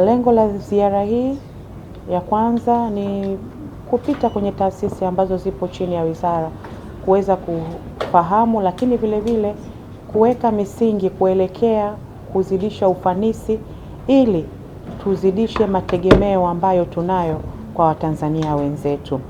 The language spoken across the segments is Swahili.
Lengo la ziara hii ya kwanza ni kupita kwenye taasisi ambazo zipo chini ya wizara, kuweza kufahamu, lakini vile vile kuweka misingi kuelekea kuzidisha ufanisi ili tuzidishe mategemeo ambayo tunayo kwa Watanzania wenzetu.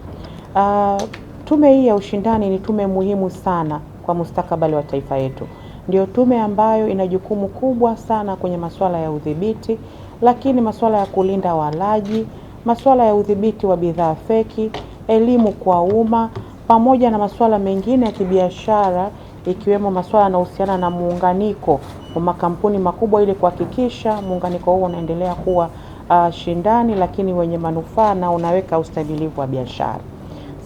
Uh, tume hii ya ushindani ni tume muhimu sana kwa mustakabali wa taifa yetu. Ndio tume ambayo ina jukumu kubwa sana kwenye masuala ya udhibiti lakini masuala ya kulinda walaji, masuala ya udhibiti wa bidhaa feki, elimu kwa umma, pamoja na masuala mengine ya kibiashara ikiwemo masuala yanahusiana na muunganiko wa makampuni makubwa ili kuhakikisha muunganiko huo unaendelea kuwa uh, shindani lakini wenye manufaa na unaweka ustahimilivu wa biashara.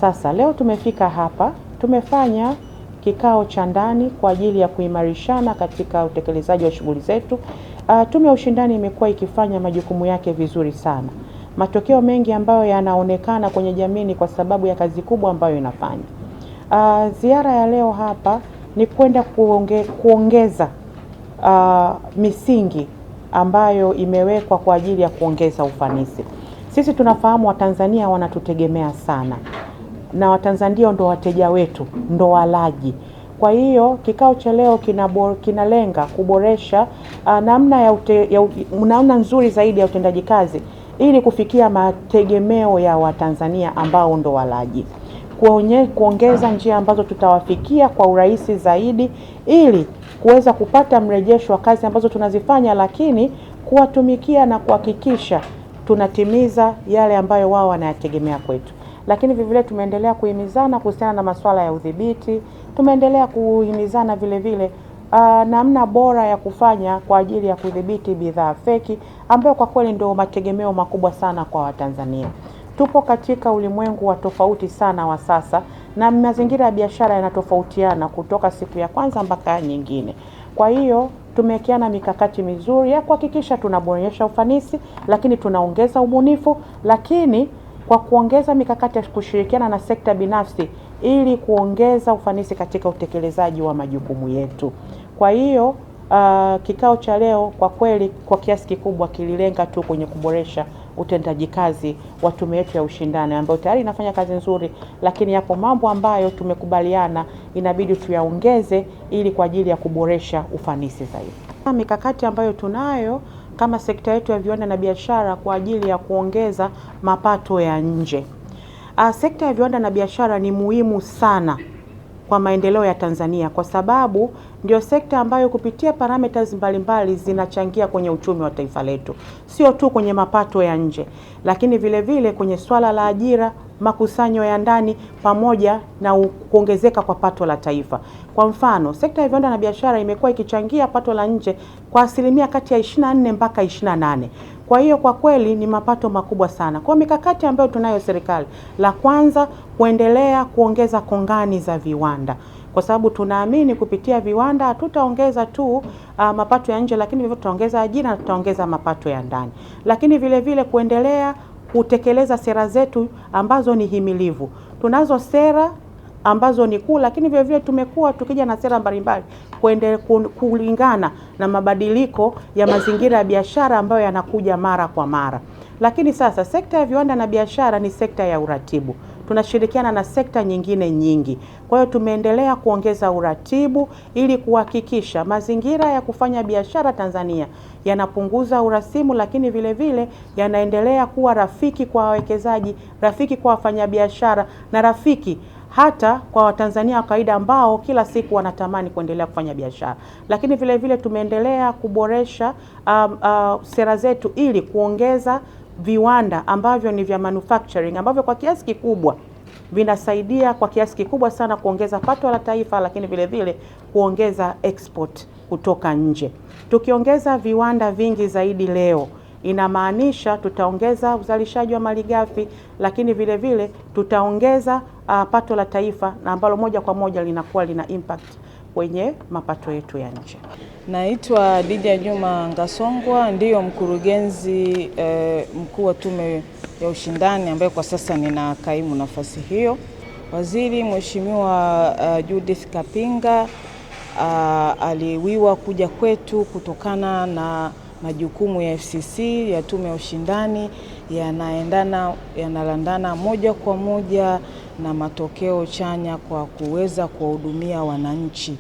Sasa leo tumefika hapa, tumefanya kikao cha ndani kwa ajili ya kuimarishana katika utekelezaji wa shughuli zetu. Uh, Tume ya Ushindani imekuwa ikifanya majukumu yake vizuri sana. Matokeo mengi ambayo yanaonekana kwenye jamii ni kwa sababu ya kazi kubwa ambayo inafanya. Uh, ziara ya leo hapa ni kwenda kuonge, kuongeza uh, misingi ambayo imewekwa kwa ajili ya kuongeza ufanisi. Sisi tunafahamu Watanzania wanatutegemea sana na Watanzania ndo wateja wetu, ndo walaji. Kwa hiyo kikao cha leo kinalenga kuboresha uh, namna ya ute, ya, namna nzuri zaidi ya utendaji kazi ili kufikia mategemeo ya Watanzania ambao ndo walaji kuonye, kuongeza njia ambazo tutawafikia kwa urahisi zaidi ili kuweza kupata mrejesho wa kazi ambazo tunazifanya, lakini kuwatumikia na kuhakikisha tunatimiza yale ambayo wao wanayategemea kwetu. Lakini vivile tumeendelea kuhimizana kuhusiana na masuala ya udhibiti tumeendelea kuhimizana vile vile Uh, namna bora ya kufanya kwa ajili ya kudhibiti bidhaa feki ambayo kwa kweli ndio mategemeo makubwa sana kwa Watanzania. Tupo katika ulimwengu wa tofauti sana wa sasa na mazingira ya biashara yanatofautiana kutoka siku ya kwanza mpaka nyingine. Kwa hiyo tumewekeana mikakati mizuri ya kuhakikisha tunaboresha ufanisi, lakini tunaongeza ubunifu, lakini kwa kuongeza mikakati ya kushirikiana na sekta binafsi ili kuongeza ufanisi katika utekelezaji wa majukumu yetu. Kwa hiyo uh, kikao cha leo kwa kweli kwa kiasi kikubwa kililenga tu kwenye kuboresha utendaji kazi wa tume yetu ya ushindani ambayo tayari inafanya kazi nzuri, lakini yapo mambo ambayo tumekubaliana inabidi tuyaongeze ili kwa ajili ya kuboresha ufanisi zaidi. Mikakati ambayo tunayo kama sekta yetu ya viwanda na biashara kwa ajili ya kuongeza mapato ya nje. A, ah, sekta ya viwanda na biashara ni muhimu sana kwa maendeleo ya Tanzania kwa sababu ndio sekta ambayo kupitia parameters mbalimbali zinachangia kwenye uchumi wa taifa letu, sio tu kwenye mapato ya nje, lakini vile vile kwenye swala la ajira makusanyo ya ndani pamoja na kuongezeka kwa pato la taifa. Kwa mfano, sekta ya viwanda na biashara imekuwa ikichangia pato la nje kwa asilimia kati ya 24 mpaka 28. Kwa hiyo kwa kweli ni mapato makubwa sana. Kwa mikakati ambayo tunayo serikali, la kwanza kuendelea kuongeza kongani za viwanda kwa sababu tunaamini kupitia viwanda hatutaongeza tu uh, mapato ya nje, lakini vile tutaongeza ajira na tutaongeza mapato ya ndani, lakini vile vile kuendelea kutekeleza sera zetu ambazo ni himilivu. Tunazo sera ambazo ni kuu, lakini vile vile tumekuwa tukija na sera mbalimbali kulingana na mabadiliko ya mazingira ya biashara ambayo yanakuja mara kwa mara. Lakini sasa sekta ya viwanda na biashara ni sekta ya uratibu tunashirikiana na sekta nyingine nyingi. Kwa hiyo tumeendelea kuongeza uratibu ili kuhakikisha mazingira ya kufanya biashara Tanzania yanapunguza urasimu, lakini vile vile yanaendelea kuwa rafiki kwa wawekezaji, rafiki kwa wafanyabiashara na rafiki hata kwa Watanzania wa kawaida ambao kila siku wanatamani kuendelea kufanya biashara. Lakini vile vile tumeendelea kuboresha um, uh, sera zetu ili kuongeza viwanda ambavyo ni vya manufacturing ambavyo kwa kiasi kikubwa vinasaidia kwa kiasi kikubwa sana kuongeza pato la taifa, lakini vile vile kuongeza export kutoka nje. Tukiongeza viwanda vingi zaidi leo inamaanisha tutaongeza uzalishaji wa malighafi, lakini vile vile tutaongeza uh, pato la taifa na ambalo moja kwa moja linakuwa lina impact kwenye mapato yetu ya nje. Naitwa Didia Juma Ngasongwa, ndiyo mkurugenzi eh, mkuu wa Tume ya Ushindani ambaye kwa sasa nina kaimu nafasi hiyo. Waziri Mheshimiwa uh, Judith Kapinga uh, aliwiwa kuja kwetu kutokana na majukumu ya FCC ya Tume ya Ushindani yanaendana yanalandana moja kwa moja na matokeo chanya kwa kuweza kuwahudumia wananchi.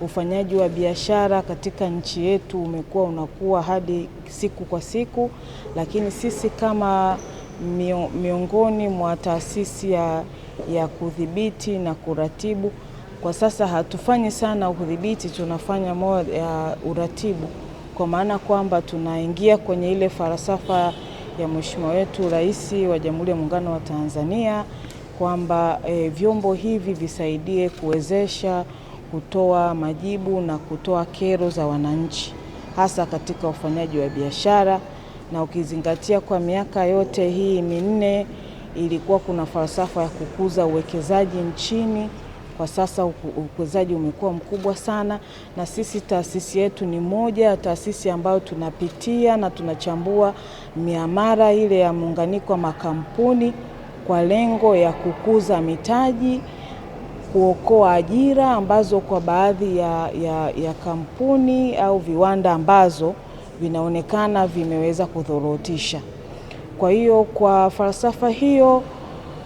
Ufanyaji wa biashara katika nchi yetu umekuwa unakuwa hadi siku kwa siku, lakini sisi kama miongoni mwa taasisi ya, ya kudhibiti na kuratibu kwa sasa hatufanyi sana udhibiti, tunafanya more ya uratibu, kwa maana kwamba tunaingia kwenye ile falsafa ya Mheshimiwa wetu Rais wa Jamhuri ya Muungano wa Tanzania kwamba e, vyombo hivi visaidie kuwezesha kutoa majibu na kutoa kero za wananchi hasa katika ufanyaji wa biashara, na ukizingatia kwa miaka yote hii minne ilikuwa kuna falsafa ya kukuza uwekezaji nchini. Kwa sasa uwekezaji umekuwa mkubwa sana, na sisi taasisi yetu ni moja ya taasisi ambayo tunapitia na tunachambua miamara ile ya muunganiko wa makampuni kwa lengo ya kukuza mitaji, kuokoa ajira ambazo kwa baadhi ya, ya, ya kampuni au viwanda ambazo vinaonekana vimeweza kudhorotisha. Kwa hiyo kwa falsafa hiyo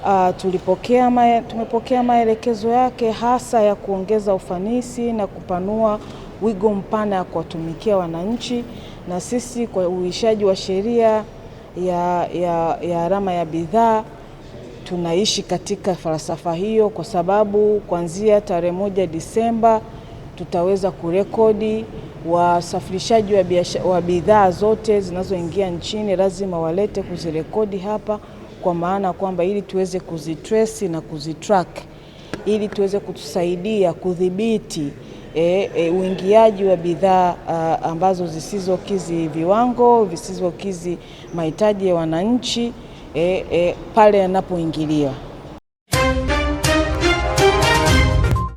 uh, tulipokea mae, tumepokea maelekezo yake hasa ya kuongeza ufanisi na kupanua wigo mpana ya kuwatumikia wananchi, na sisi kwa uishaji wa sheria ya, ya, ya alama ya bidhaa tunaishi katika falsafa hiyo, kwa sababu kuanzia tarehe moja Disemba tutaweza kurekodi wasafirishaji wa bidhaa zote zinazoingia nchini, lazima walete kuzirekodi hapa, kwa maana kwamba ili tuweze kuzitrace na kuzitrack, ili tuweze kutusaidia kudhibiti e, e, uingiaji wa bidhaa ambazo zisizokizi viwango, visizokizi mahitaji ya wananchi e, e, pale yanapoingiliwa